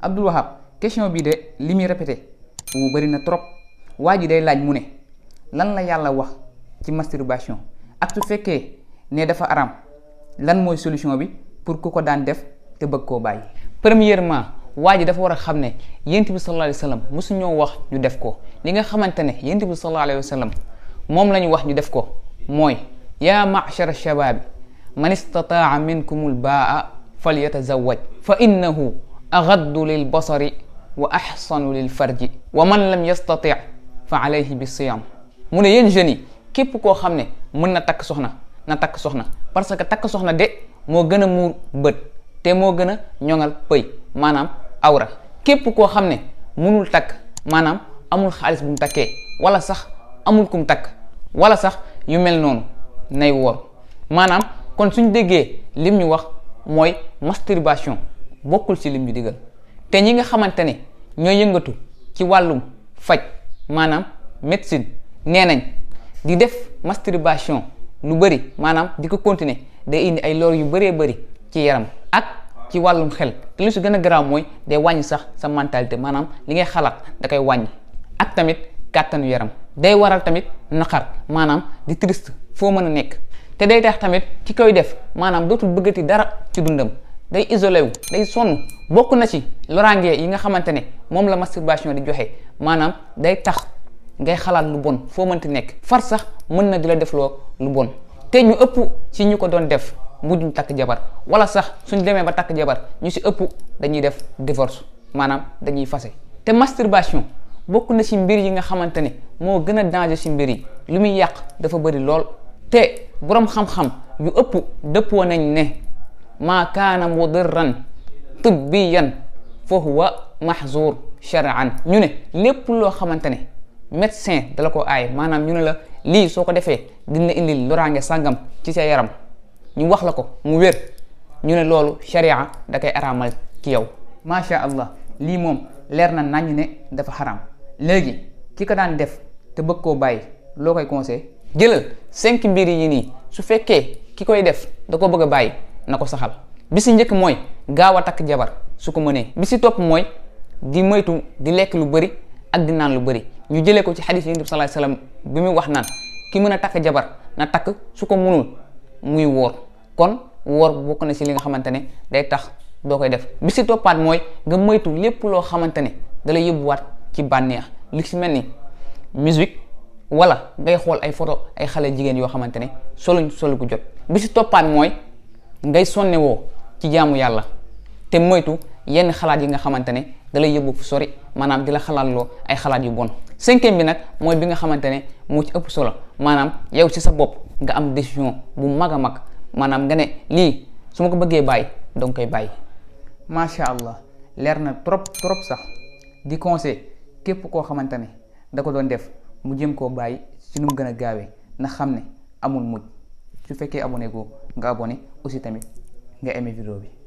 abdul Wahab question bi de limi répété mu bari na trop waji day laaj mu ne lan la yàlla wax ci masturbation ak su fekke ne dafa aram lan moy solution bi pour kuko dan def te bëgg ko bàyyi. premièrement waji dafa wara xamne yentibi sallallahu alayhi wasallam musu ñoo wax ñu def ko li nga xamantene yentibi sallallahu alayhi wasallam mom lañu wax ñu def ko mooy yaa ma'shara shabab man istataa minkum al-ba'a falyatazawwaj fa innahu أغض للبصر وأحصن للفرج ومن لم يستطع فعليه بالصيام من ينجني كيف كو خامني من تاك سخنا نا تاك سخنا باسكو تاك سخنا دي مو غنا مور بيت تي مو غنا نيونال باي مانام اورا كيف كو خامني منول تاك مانام امول خالص بوم تاكي ولا صح امول كوم تاك ولا صح يو ميل نون ناي وور مانام كون سون ديغي لي ني واخ موي ماستيرباسيون Bokul ci lim ñu digal té ñi nga xamantene ñoy yëngatu ci walum faj manam médecine nenañ di def masturbation lu manam manam di ko continuer day indi ay lor yu bari bari ci yaram ak ci walum xel té lu su gëna graw moy mooy day wàññi sax sa mentalité manam li ngay xalat da kay wañ ak tamit katanu yaram day waral tamit nakar manam di triste fo mëna nek té day tax tamit ci koy def manam dootul bëggati dara ci dundam day isolé wu day sonn bokk na ci loraange yi nga xamante ne moom la masturbation di joxe maanaam day tax ngay xalaat lu bon foo mënti nekk far sax mën na di la defloo lu bon te ñu ëpp ci ñu ko doon def mujjuñ takk jabar wala sax suñ demee ba takk jabar ñu si ëpp dañuy def divorce maanaam dañuy fase te masturbation bokk na ci mbir yi nga xamante ne moo gën a danger ci mbir yi lu muy yàq dafa bëri lool te boroom xam-xam yu ëpp dëppoo nañ ne. maa kaana mudirran tibbiyan fa huwa mahzur shar'an ñu ne lépp loo xamante ne da la ko aay maanaam ñu ne la lii soo ko defee dina indil loraange sàngam ci sa yaram ñu wax la ko mu wér ñu ne loolu sharia da koy araamal ci yow macha allah lii moom leer na nañu ne dafa xaraam léegi ki ko daan def te bëgg koo bàyyi loo koy conseil jëlal cinq mbir yi nii su fekkee ki koy def da ko bëgg a bàyyi nako saxal bi si njëkk mooy gaaw jabar su ko mënee bi si di moytu di lek lu bari ak di naan lu bari ñu jëlee ko ci hadith yi sallallahu alayhi wasallam bi mi wax jabar na tak su ko mënul muy wor kon wor bokk na ci li nga xamantene day tax doo koy def bi si toppaat mooy nga moytu lepp lo xamantene da lay ci banex li ci melni musique wala ngay xol ay photo ay xalé jigen yo xamantene soluñ solu gu jot bi si ngay sonné wo ci jaamu yalla té moytu yenn xalaat yi nga xamantene ne da lay yóbbu fu sori manam dila xalaat lo ay xalaat yu bon 5e bi nak moy bi nga xamantene ne ci ëpp solo manam yow ci sa bop nga am décision bu magamak manam mag manam nga né li suma ko bëggé bay donc kay bay ma sha allah lér na trop trop sax di conseil képp ko xamantene da ko doon def mu jëm ko bay ci num gëna gaawé na xamné amul mujj su fekkee abone goo nga abonné aussi tamit nga aimé vidéo bi